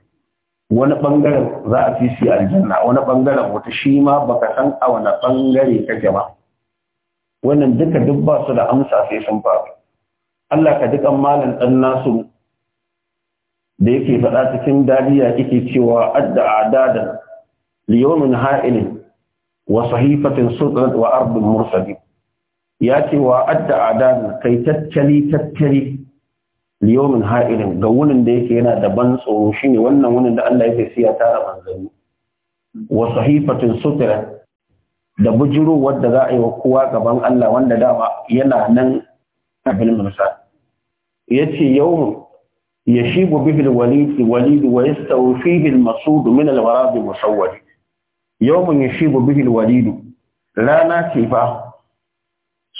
wani bangaren za a fi aljanna wani bangaren wata shi ma baka san a wani bangare kake ba wannan duka duk ba su da amsa sai sun faru Allah ka dukan malam dan nasu da yake faɗa cikin dariya yake cewa adda adadan liyomin ha'ilin wa sahifatin sultan wa ardun mursali ya ce wa adda adadan kai tattali tattali liyomin ha'ilin ga wunin da yake yana da ban tsoro shine wannan wunin da Allah yake siya tara manzanni wa sahifatin sultan da bujiro wadda za a yi wa kowa gaban Allah wanda dama yana nan a bilminsa ya ce yau يشيب به الوليد وليد ويستوي فيه المصود من الوراد المسود يوم يشيب به الوليد لا ناتفا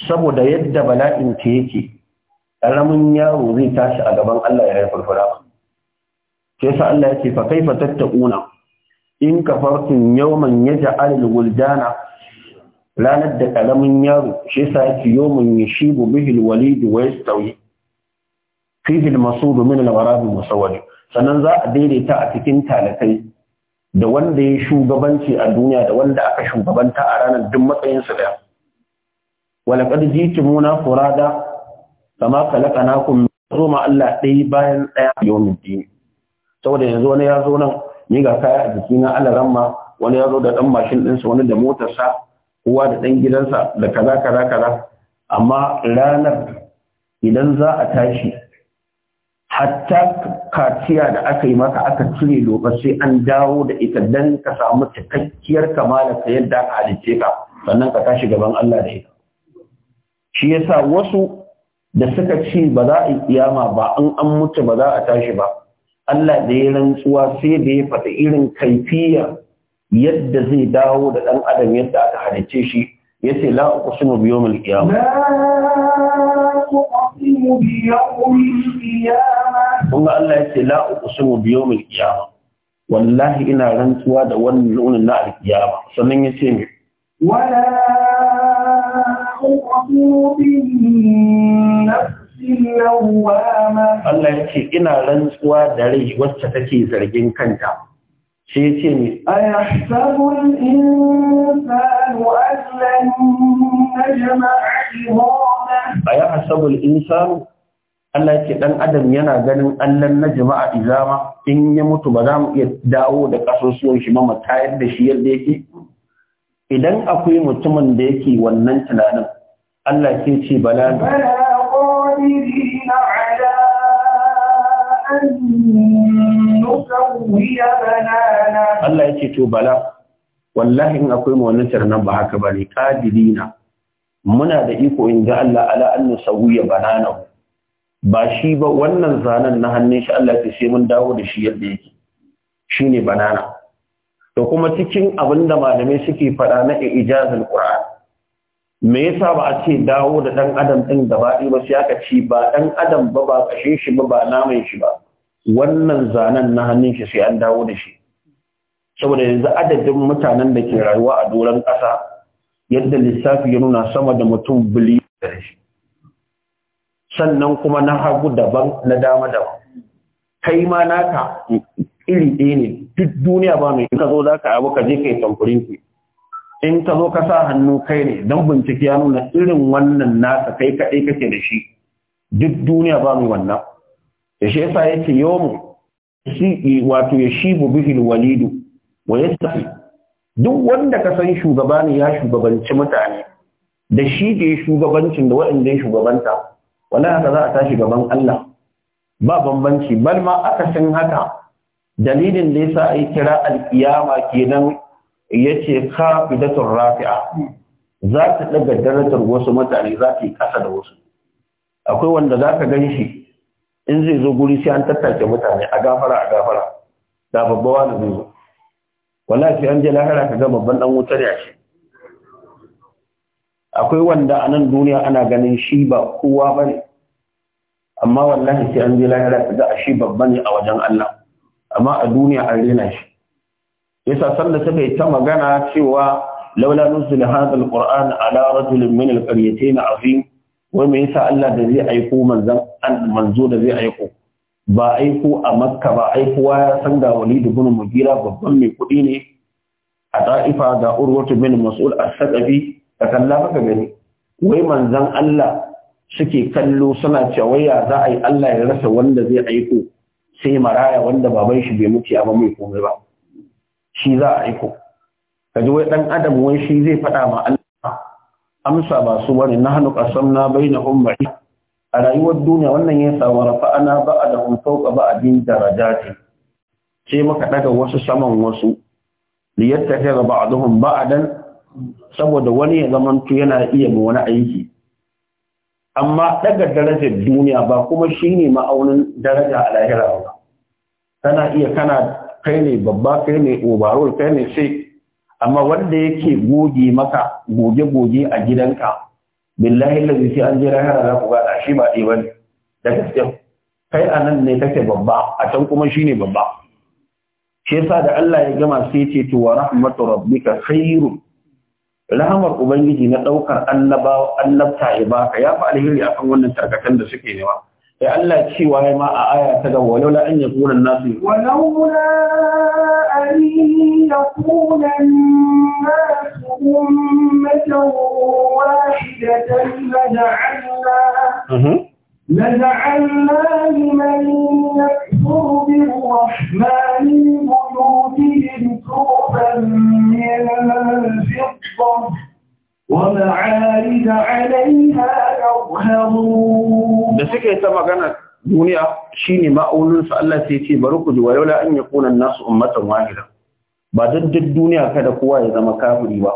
saboda yadda bala'in ta yake ƙaramin yaro zai tashi a gaban Allah ya haifar fara sai sa Allah yake fa kaifa tattaquna in kafartum yawman yaj'al al-wuldana ranar da ƙaramin yaro shi sa yake yawman yashibu bihi al-walid wa yastawi fihi masu domin min al-gharab musawwad sannan za a daidaita a cikin talakai da wanda ya shugabanci a duniya da wanda aka shugabanta a ranar duk matsayin su daya walaqad jitumuna furada kama khalaqnakum zuma Allah ɗaya bayan ɗaya yawmin din saboda yanzu wani ya zo nan ni ga kaya a jikina Allah ramma wani ya zo da dan mashin ɗinsa wani da motarsa kowa da ɗan gidansa da kaza kaza kaza amma ranar idan za a tashi hatta kaciya da aka yi maka aka cire lokaci sai an dawo da ita dan ka samu cikakkiyar kamala ta yadda aka halice ka sannan ka tashi gaban Allah da ita shi yasa wasu da suka ce ba za a yi kiyama ba an an mutu ba za a tashi ba Allah da ya rantsuwa sai da ya faɗi irin kaifiya yadda zai dawo da ɗan adam yadda aka halice shi yace la uqsimu biyawmil qiyamah Allah Allah ya ce la uqsimu bi yawmil qiyama wallahi ina rantsuwa da wannan launin na alqiyama sannan ya ce wala uqsimu bi nafsin lawama Allah ya ina rantsuwa da rai wacce take zargin kanta sai ya ce ne insanu na jama'a Allah ya ce ɗan adam yana ganin allan na jama'a izama in ya mutu ba za mu iya dawo da ƙasusuwan shi ba mu tayar da shi yadda yake idan akwai mutumin da yake wannan tunanin Allah ke ce bala bala Allah ya ce to bala wallahi in akwai mu wannan tarnan ba haka bane qadirina muna da iko in ga Allah ala annu sawiya banana ba shi ba wannan zanen na hannun shi Allah ya ce mun dawo da shi yadda yake shine banana to kuma cikin abinda malamai suke faɗa na ijazul qur'an me yasa ba a ce dawo da dan adam din gaba ɗaya ba sai aka ci ba dan adam ba ba kashe shi ba ba naman shi ba wannan zanen na hannun shi sai an dawo da shi saboda yanzu adadin mutanen da ke rayuwa a doron ƙasa yadda lissafi ya nuna sama da mutum biliyan da shi sannan kuma na hagu daban na dama daban kai ma naka iri ɗaya ne duk duniya ba mai ka zo za ka abu ka je ka yi tamfurin ki in ka zo ka sa hannu kai ne don bincike ya nuna irin wannan naka kai kaɗai kake da shi duk duniya ba mai wannan shi yasa yace yawmu shi wato ya shibu bihi walidu wa yastafi duk wanda ka san shugaba ne ya shugabanci mutane da shi ke shugabancin da waɗanda ya shugabanta wala haka za a tashi gaban Allah ba bambanci bal ma akasin haka dalilin da yasa ai kira alkiyama kenan yace kafidatur rafi'a za ta daga darajar wasu mutane za ta yi kasa da wasu akwai wanda za ka gan shi in zai zo guri sai an tattace mutane a gafara a gafara da babba wani zai zo wallahi sai an je lahira ka ga babban dan wutar ya shi akwai wanda a nan duniya ana ganin shi ba kowa bane amma wallahi sai an je lahira ka ga shi babba ne a wajen Allah amma a duniya an rena shi yasa sanda suka bai ta magana cewa laula nuzila hadha alquran ala rajulin min alqaryatayn azim wai me yasa Allah da zai aiko manzon an manzo da zai aiko ba aiko a Makka ba aikowa ya san ga Walid ibn mugira babban mai kudi ne a Ta'ifa ga Urwatu bin masul as sakafi ka kalla maka gani wai manzon Allah suke kallo suna cewa ya za a yi Allah ya rasa wanda zai aiko sai maraya wanda baban shi bai mutu ba mai komai ba shi za a aiko kaji wai dan adam wai shi zai fada ma Allah. amsa ba su bane na hannu ƙasam na bai na a rayuwar duniya wannan ya samu ana ba a da ka ba daraja darajati sai muka daga wasu saman wasu liyatta ta gaba a duhun ba'adan saboda wani ya zamantu yana iya ma wani aiki amma daga darajar duniya ba kuma shine ma'aunin daraja a lahira ba kana iya kana kai ne babba kai ne obarol kai ne sai amma wanda yake goge maka goge-goge a gidanka billahi lazi sai an jira za ku gada shi ba ɗaya bane da gaske kai a nan ne kake babba a can kuma shi ne babba shi yasa da Allah ya gama sai ce to wa rahmatu rabbika khairu rahmar ubangiji na daukar annabawa annabta ya baka ya fa alheri akan wannan tarkatan da suke wa ya Allah cewa ya ma a aya ta ga walau la an yakuna nasu walau la an yakuna nasu ummatan wahidatan laja'alna لجعلنا لمن يكفر بالرحمن بيوتهم سقفا من فضة ومعارج عليها da suke ta magana duniya shine ne Allah sai ce bari ku ji walau la an kunan nasu ummatan wahida ba duk duniya kada kowa ya zama kafiri ba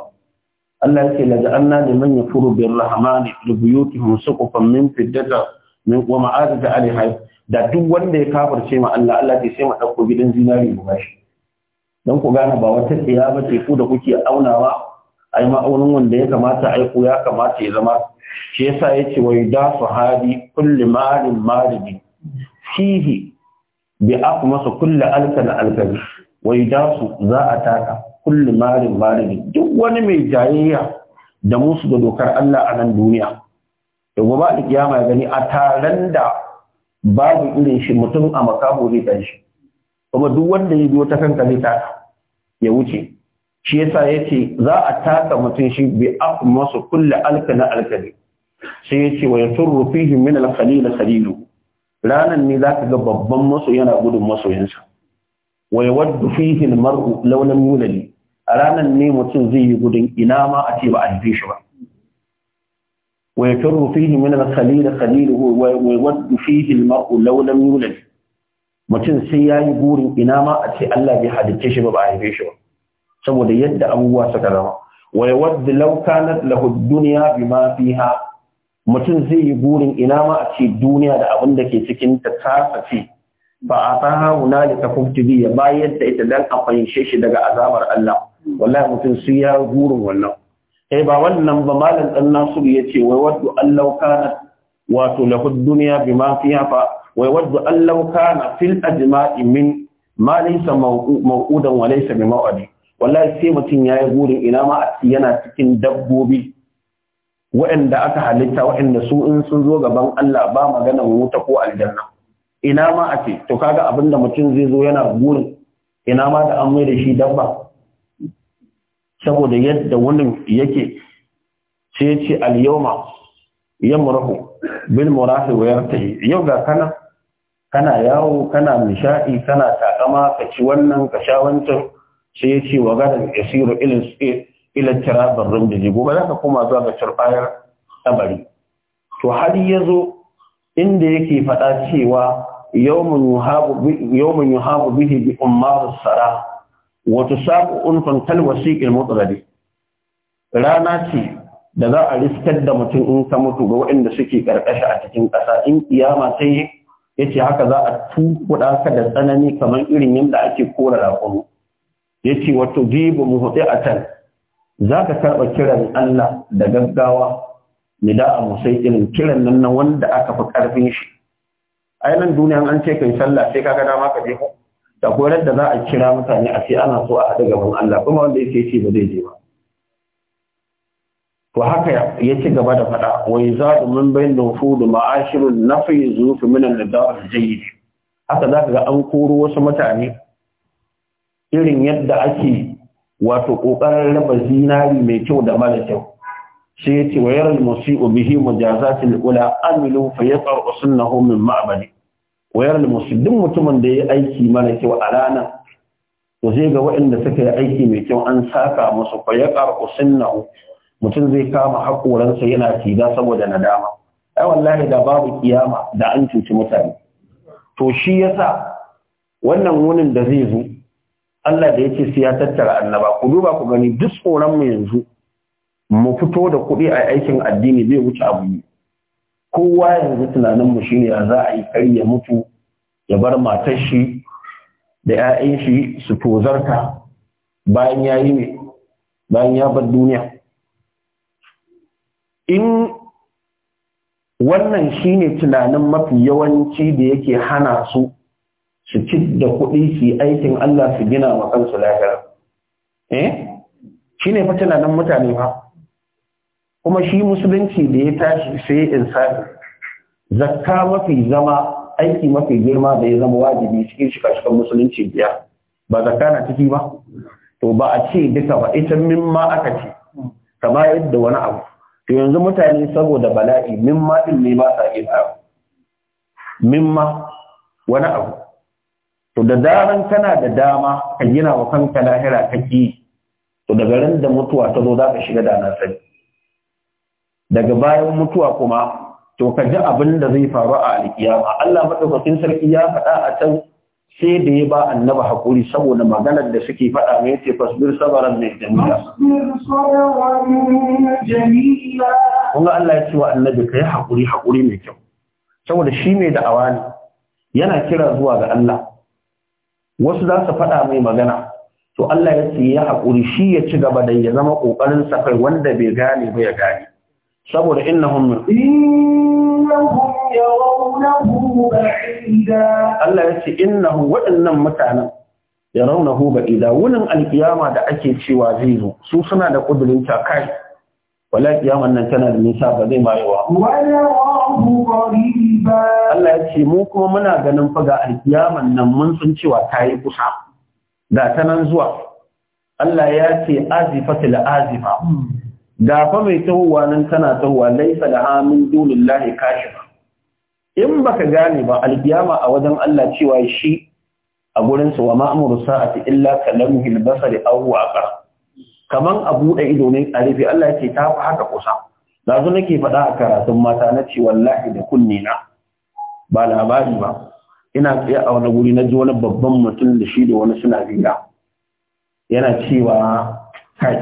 Allah yake la man liman yakfuru birrahmani li buyutihim suqufan min fiddata min wa ma'adata alaiha da duk wanda ya kafirce ma Allah Allah sai mu dauko gidan zinari mu bashi dan ku gane ba wata tsiya ba ce ku da kuke aunawa ai ma'aunin wanda ya kamata aiko ya kamata ya zama shi yasa yace wai da hadi kulli malin maridi fihi bi akmasu kulli alkan wai da su za a taka kulli malin maridi duk wani mai jayayya da musu da dokar Allah a nan duniya da gobe da kiyama ya gani a taron da babu irin shi mutum a makaho zai shi, kuma duk wanda ya biyo ta kanka zai taka ya wuce shi yasa yace za a taka mutun shi bi masu kulli na alkali sai yace wa yasurru fihi min alkhalil khalilu ranan ne zaka ga babban masu yana gudun masoyansa wa yawaddu fihi almar'u law lam yulad a ranan ne mutum zai yi gudun ina ma a ce ba a haife shi ba wa yasurru fihi min alkhalil khalilu wa yawaddu fihi almar'u law lam yulad mutum sai yayi burin ina ma a ce Allah bai halicce shi ba ba a haife shi ba saboda yadda abubuwa suka zama wa yawaddu law kanat lahu dunya bima fiha mutum zai yi burin ina ma a ce duniya da abin da ke cikin ta tasa ce ba a ta hauna da ta kubtubi ya bayar da ita don a fahimce shi daga azabar Allah wallahi mutum su ya burin wannan eh ba wannan ba malam dan Nasiru ce, wai waddu Allah kana wato lahu dunya fi fiha fa wai waddu Allah kana fil ajma'i min ma laysa mawqudan wa laysa bi mawadi wallahi sai mutum ya yi burin ina ma yana cikin dabbobi waɗanda aka halitta waɗanda su in sun zo gaban Allah ba maganar wuta ko aljanna ina ma a ce to kaga abin da mutum zai zo yana burin ina ma da an mai da shi dabba saboda yadda wannan yake ce ce al-yawma yamrahu bil murahi wa yartahi yau ga kana kana yawo kana nishaɗi kana takama ka ci wannan ka sha wancan sai ya ce wa gada ya siro ilin tirabar rumdiji gobe za ka kuma zuwa ga turbayar tsabari to har ya zo inda yake faɗa cewa yawon yuhabu bihi bi umaru sara wata saƙo unfan kalwasi ilmutsarari rana ce da za a riskar da mutum in ka mutu ga waɗanda suke ƙarƙashi a cikin ƙasa in iyama ta yi ya ce haka za a tukuɗa ka da tsanani kamar irin yadda ake kora raƙonu Ya ce wato mu yace a can za ka karɓa kiran Allah da gaggawa da nida'a irin kiran nan na wanda aka fi ƙarfin shi ai nan duniya an ce kai sallah sai kaga dama ka je da koyar da za a kira mutane a sai ana so a haɗu gaban Allah kuma wanda ya ce ba zai je ba to haka ya ci gaba da faɗa wai za min bayin nufudu ma'ashirun nafi zufi min da nadar jayyid haka za ka ga an koro wasu mutane irin yadda ake wato ƙoƙarin raba zinari mai kyau da mara kyau sai ya ce wa yaral musi'u bihi mujazatil ula amilu fa yaqra sunnahu min ma'badi wa yaral duk mutumin da yayi aiki mara kyau a ranar to sai ga waɗanda suka yi aiki mai kyau an saka musu fa yaqra sunnahu mutum zai kama hakoransa yana tida saboda nadama ai wallahi da babu kiyama da an cuci mutane to shi yasa wannan wunin da zai zo Allah da yake sai ya tattara annaba ku duba ku gani duk tsoron mu yanzu mu fito da kuɗi a aikin addini zai wuce abu ne kowa yanzu tunanin mu shine a za a yi kai ya mutu ya bar matar shi da 'ya'yan shi su tozarta bayan ya yi ne bayan ya bar duniya in wannan shine tunanin mafi yawanci da yake hana su su ci da kuɗi su yi aikin Allah su gina wa kansu lahira eh shi ne fa tunanin mutane ba kuma shi musulunci da ya tashi sai in insafi zakka mafi zama aiki mafi girma da ya zama wajibi cikin shi kashikan musulunci biya ba zakka na ciki ba to ba a ce duka ba ita mimma aka ce kama yadda wani abu to yanzu mutane saboda bala'i mimma ɗin ne ba sa Min mimma wani abu to da daren kana da dama ka gina wa kanka lahira ka ki to daga ran da mutuwa ta zo za ka shiga da nan sani daga bayan mutuwa kuma to ka ji abin da zai faru a alkiyama Allah madaukakin sarki ya faɗa a can sai da ya ba annaba hakuri saboda maganar da suke faɗa mai ce fasbir sabaran mai jami'a. Kuma Allah ya ce wa annabi ka yi haƙuri haƙuri mai kyau. Saboda shi mai da'awa ne yana kira zuwa ga Allah. wasu za su faɗa mai magana to Allah ya ce ya haƙuri shi ya ci gaba da ya zama ƙoƙarin sa kai wanda bai gane ba ya gane saboda innahum innahum yarawnahu ba'ida Allah ya ce innahu waɗannan mutanen yarawnahu ba'ida wurin alkiyama da ake cewa zai zo su suna da kudurin ta wala kiyaman nan tana da nisa ba zai ma yawa Allah ya ce mu kuma muna ganin faga alkiyaman nan mun san cewa ta yi kusa da ta nan zuwa Allah ya ce azifatu azifa da fa mai tahowa nan tana tahowa laisa da min dunillahi kashifa in baka gane ba alkiyama a wajen Allah cewa shi a su wa ma'amuru sa'ati illa kalamhil basari aw waqar kaman a buɗe ido ne a rufe Allah ya ce ta fi haka kusa na zo nake faɗa a karatun mata na ce wallahi da kunne na ba labari ba ina tsaye a wani guri na ji wani babban mutum da shi da wani suna biya yana cewa kai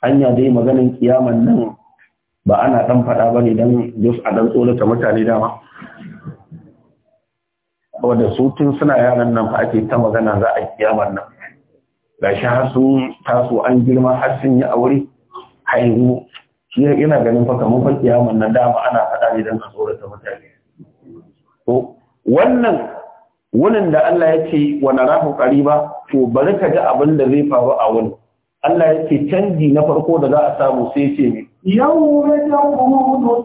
hanya dai maganin kiyaman nan ba ana ɗan faɗa ba ne don jos a ɗan tsorata mutane dama wadda su tun suna yaran nan fa ake ta magana za a kiyamar nan gashi har sun taso an girma har sun yi aure haihu shi yana ganin fa kamar fa kiyaman na dama ana faɗa ne don a tsorata mutane to wannan wunin da Allah ya ce wa narahu qariba to bari ka ga abin da zai faru a wani Allah ya ce canji na farko da za a samu sai ce ne yawma taqumu as-samaa'u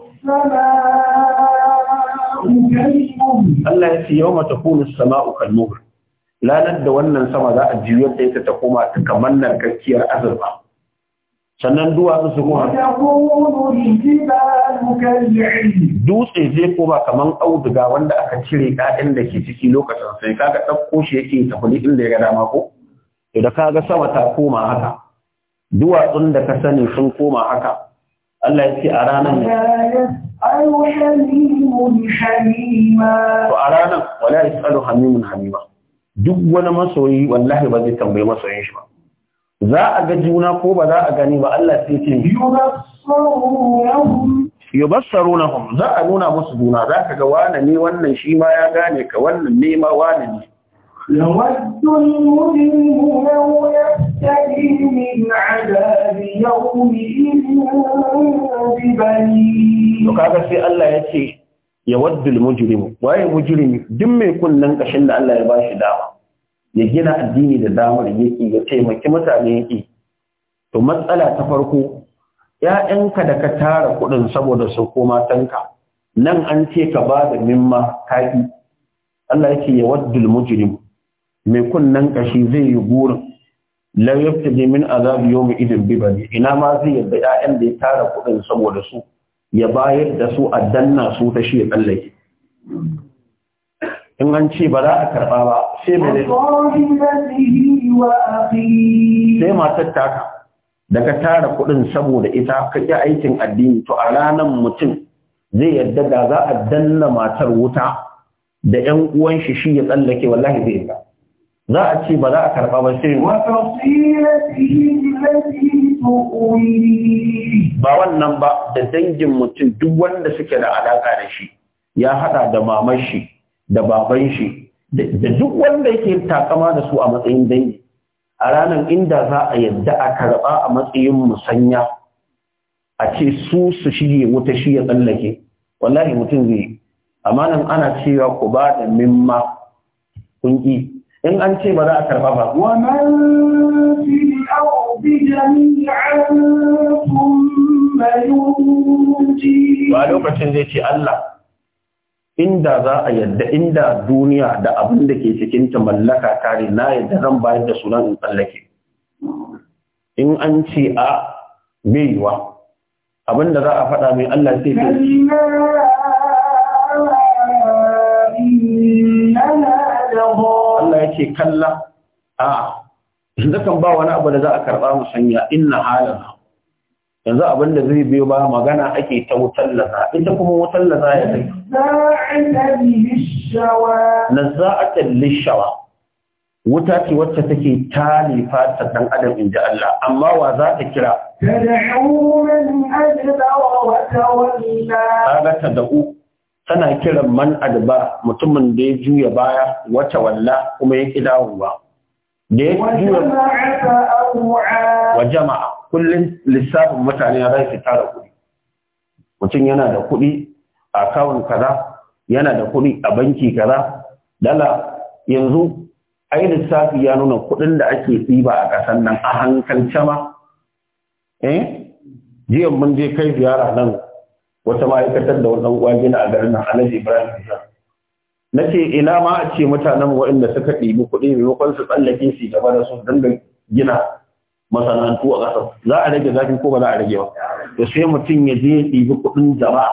Allah ya ce yawma taqumu as-samaa'u kal-muhr ranar da wannan sama za a juyar da ita ta koma ta kamar nan gaskiyar azurfa sannan duwatsu su kuma dutse zai koma kamar auduga wanda aka cire ɗaɗin da ke ciki lokacin sai kaga ɗauko shi yake tafi inda ya ga dama ko idan kaga sama ta koma haka duwatsun da ka sani sun koma haka Allah ya ce a ranar ne. To a ranar wala ya tsalo hamimun hamima. duk wani masoyi wallahi ba zai tambayi masoyin shi ba za a ga juna ko ba za a gani ba Allah sai ce yubassarunahum za a nuna musu juna za ka ga wannan ne wannan shi ma ya gane ka wannan ne ma wannan ne يود المجرم لو يفتدي من عذاب يومئذ kaga sai Allah ya ce. ya waddul mujrimu waye mujrimi duk mai kunnen kashin da Allah ya ba shi dama ya gina addini da damar yake ya taimaki mutane yake to matsala ta farko ‘ya'yanka da ka tara kuɗin saboda su koma tanka, nan an ce ka ba da mimma kaɗi, Allah yake ya waddul mujrimu mai kunnan kashi zai yi gurin, lau yafta je min azab yawm idin bibali, ina ma zai yadda ‘ya'yan da ya tara kuɗin saboda su, ya bayar da su a danna su ta shi ya tsallake in an ce ba za a karɓa ba sai mai ne. sai matar taka da tara kuɗin saboda ita ka ƙi aikin addini to a ranar mutum zai yarda da za a danna matar wuta da ‘yan uwan shi shi ya tsallake wallahi zai yi za a ce ba za a karɓa ba sai ba wannan ba da dangin mutum duk wanda suke da alaƙa da shi ya haɗa da mamar shi da baban shi da duk wanda yake takama da su a matsayin dangi a ranar inda za a yadda a karɓa a matsayin musanya a ce su su shige wuta shi ya tsallake wallahi mutum zai amma nan ana cewa ku ba da mimma kun ƙi in an ce ba za a karba ba wa ba lokacin zai ce Allah inda za a yadda inda duniya da abin da ke cikin ta mallaka tare na yadda zan bayar da sunan in tsallake in an ce a baiwa da za a faɗa mai Allah sai ce inna la Ake ce kalla a zakan ba wani abu da za a karɓa mu sanya inna halana yanzu abin da zai biyo ba magana ake ta wutar laza ita kuma wutar laza ya zai Na nazza'atan lishawa wuta ce wacce take talifa ta dan adam ji Allah amma wa za ta kira tad'u min adbara wa tawalla kaga tad'u tana kiran man adba mutumin da ya juya baya wata walla kuma ya ƙi dawowa da ya juya wa jama'a kullum lissafin mutane ya zai fita da kuɗi mutum yana da kuɗi a kawun kaza yana da kuɗi a banki kaza dala yanzu ai lissafi ya nuna kuɗin da ake ɗiba a ƙasar nan a hankalce ma eh jiyan mun je kai ziyara nan wata ma'aikatar da wannan uwa gina a garin nan Alhaji Ibrahim Na nace ina ma a ce mutanen waɗanda suka ɗibi kuɗi maimakon su tsallake su gaba da su dinga gina masana'antu a ƙasar za a rage zafi ko ba za a rage ba to sai mutum ya je ɗibi kuɗin jama'a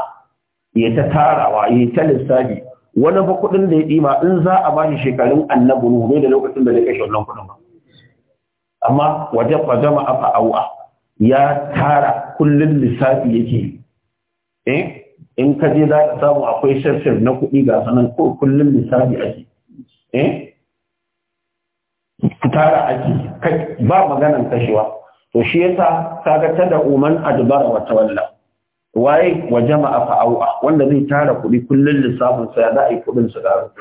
ya ta tarawa ya ta lissafi wani fa kuɗin da ya ɗima in za a ba shi shekarun annabi ne da lokacin da zai kashe wannan kuɗin ba amma wajen fa jama'a fa au'a ya tara kullun lissafi yake Eh, in ka je za ka samu akwai shafshaf na kuɗi ga sanan ko kullum misali ake eh tara ake ba maganan kashewa to shi yasa kaga ta da uman adbara wa tawalla waye wa jama'a awa wanda zai tara kuɗi kullum lissafin sa ya za kuɗin su garo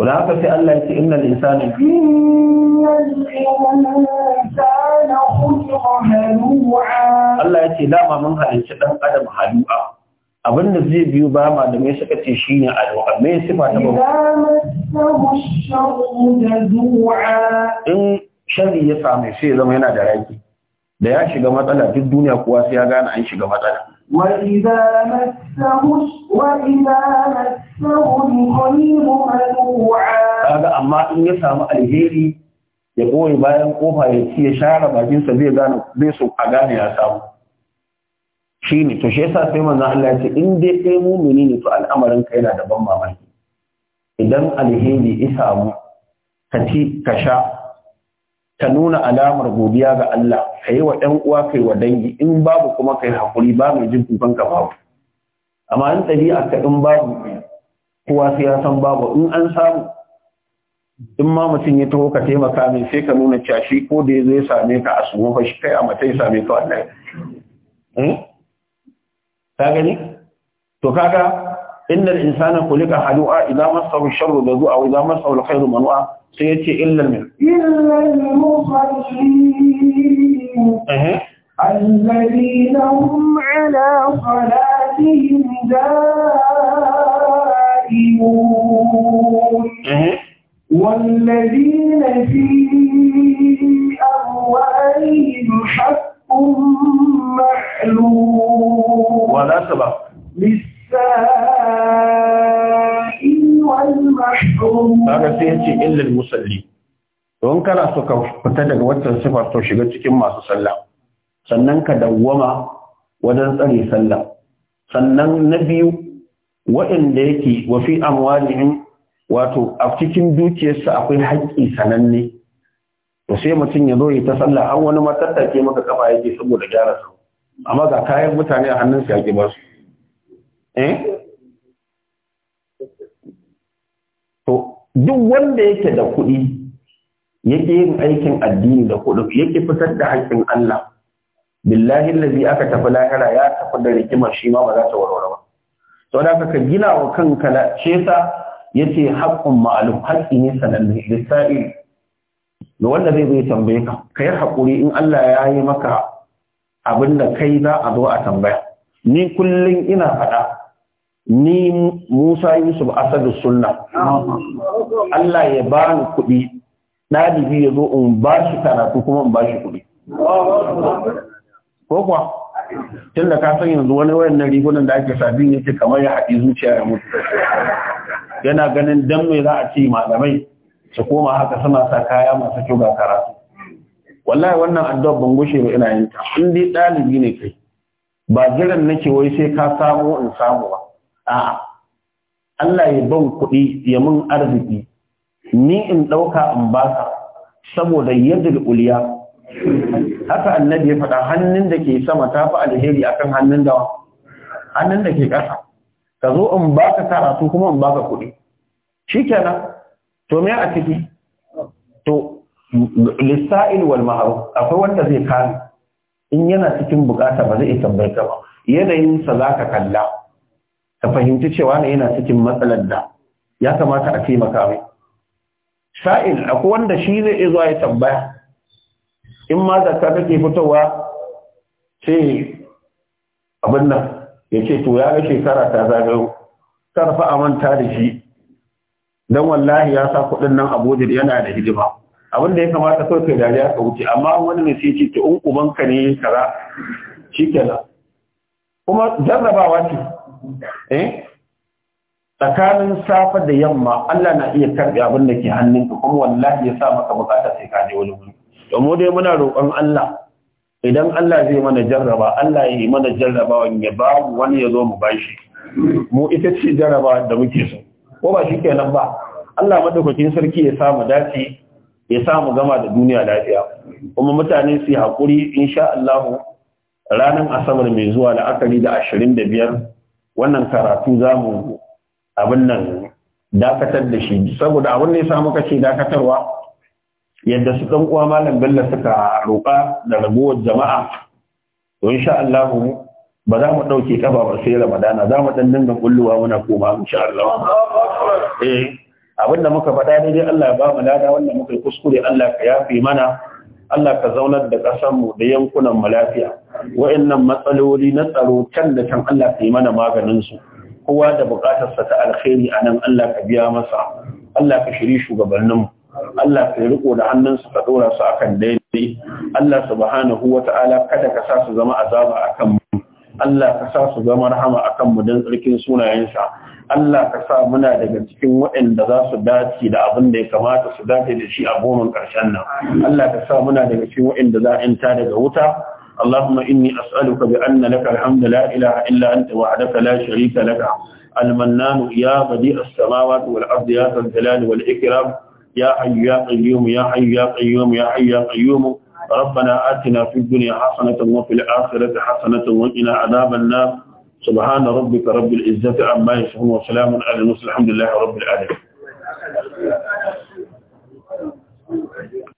to da haka sai Allah ya ce innal insana Allah ya ce dama mun halicci ɗan adam halu'a abin da zai biyu ba ma da mai suka ce shi ne a dauka mai sifa ta bauta in shari ya same sai ya zama yana da raki da ya shiga matsala duk duniya kuwa sai ya gane an shiga matsala وَإِذَا مَسَّهُ وَإِذَا مَسَّهُ الْخَيْرُ مَنُوعًا kaga amma in ya samu alheri ya ɓoye bayan kofa ya ci ya share bakinsa zai gane zai so a gane ya samu shi ne to shi yasa sai manzon Allah ya ce in dai kai mumini ne to al'amarin ka yana da ban mamaki idan alheri ya samu ka ci ka sha ka nuna alamar godiya ga Allah ka yi wa ɗan uwa kai wa dangi in babu kuma kai hakuri ba mai jin kukan ka babu amma in ɗabi'a ka in babu kowa sai ya san babu in an samu in ma mutum ya taho ka taimaka min sai ka nuna cewa shi ko da ya zo ya same ka a sumo shi kai a mata ya same ka wannan hmm? ka gani to kaga innal insana khuliqa halu'a idza massahu sharru zuwa wa idza massahu alkhairu manua sai ce illal min illal musallin eh الذين هم على صلاتهم والذين في أموالهم حق معلوم ولا سبب للسائل والمحروم هذا سيأتي إلا المصلي don kana so ka fita daga watan sifar to shiga cikin masu sallah sannan ka dawwama wajen tsare sallah sannan na biyu waɗanda yake wa fi amwalihim wato a cikin dukiyarsa akwai haƙƙi sananne to sai mutum ya zo ya ta sallah an wani ke maka kafa yake saboda gyara su amma ga kayan mutane a hannun ya ba su eh? to duk wanda yake da kuɗi yake yin aikin addini da kuɗi yake fitar da haƙƙin Allah billahi allazi aka tafi lahira ya tafi da rikimar shi ma ba za ta warware ba saboda ka gina wa kanka shi yasa yace haƙƙun ma’alum haƙƙi ne sananne lisa'il da wanda zai zai tambaye ka kai hakuri in Allah ya yi maka abin da kai za a zo a tambaya ni kullum ina faɗa ni Musa Yusuf Asadu Sunna Allah ya ba ni kuɗi ɗalibi ya zo in ba shi karatu kuma in ba shi kuɗi ko kuwa tun da ka san yanzu wani wayan na rigunan da ake sabi yake kamar ya haɗi zuciya ya mutu yana ganin dan mai za a ce malamai su koma haka suna sa kaya masu kyau ga karatu wallahi wannan addu'a ban gushe ba ina yin ta in dai dalibi ne kai ba jiran nake wai sai ka samu in samu ba a'a Allah ya ban kuɗi ya mun arziki ni in ɗauka in ba ka, saboda yadda uliya haka annabi ya faɗa hannun da ke sama ta fi alheri akan hannun da hannun da ke ƙasa ka zo in baka karatu kuma in baka kuɗi kenan to me a ciki to lissa'il wal ma'ruf akwai wanda zai kare. in yana cikin bukata ba zai iya ka ba yanayin sa zaka kalla ka fahimci cewa ne yana cikin matsalar da ya kamata a taimaka mai sa'il akwai wanda shi zai iya zuwa ya tambaya in ma zaka take fitowa sai abin nan ya ce to ya ga shekara ta zagayo karfa a manta da shi don wallahi ya sa kuɗin nan abuja yana da hidima abin da ya kamata kawai kai dariya ka wuce amma wani ne sai ce to in ubanka ne kaza kenan kuma jarrabawa ce eh tsakanin safa da yamma Allah na iya karbi abin da ke hannunka kuma wallahi ya sa maka bukata sai ka je wani wuri domin dai muna roƙon Allah idan Allah zai mana jarraba Allah ya yi mana jarrabawan ya ba wani ya zo mu ba shi. mu ita ce jarraba da muke so ko ba shi kenan ba Allah madaukakin sarki ya samu dace ya samu gama da duniya lafiya kuma mutane su yi hakuri insha Allah ranar asabar mai zuwa da akari da 25 wannan karatu zamu abin nan dakatar da shi saboda abin da ya samu kace dakatarwa yadda su ɗan uwa malam bello suka roƙa da raguwar jama'a to insha Allah ba za mu ɗauke kafa ba sai Ramadana za mu ɗan dinga kulluwa muna koma insha Allah eh abinda muka faɗa dai Allah ya ba mu lada wanda muka kuskure Allah ka yafe mana Allah ka zaunar da ƙasar mu da yankunan mu lafiya wa'annan matsaloli na tsaro can da can Allah ka yi mana maganin su kowa da sa ta alkhairi anan Allah ka biya masa Allah ka shiri mu Allah ka riko da hannunsu ka dora su akan daidai Allah subhanahu wata'ala kada ka sa su zama azaba akan mu Allah ka sa su zama rahama akan mu don tsarkin sunayensa Allah ka sa muna daga cikin waɗanda za su dace da abin da ya kamata su dace da shi a goman ƙarshen nan Allah ka sa muna daga cikin waɗanda za a yanta daga wuta اللهم إني أسألك بأن لك الحمد لا إله إلا أنت وحدك لا شريك لك المنان يا بديع السماوات والأرض يا ذا الجلال والإكرام يا حي يا قيوم يا حي يا قيوم يا حي يا قيوم ربنا آتنا في الدنيا حسنة وفي الآخرة حسنة وقنا عذاب النار سبحان ربك رب العزة عما يصفون وسلام على المرسلين الحمد لله رب العالمين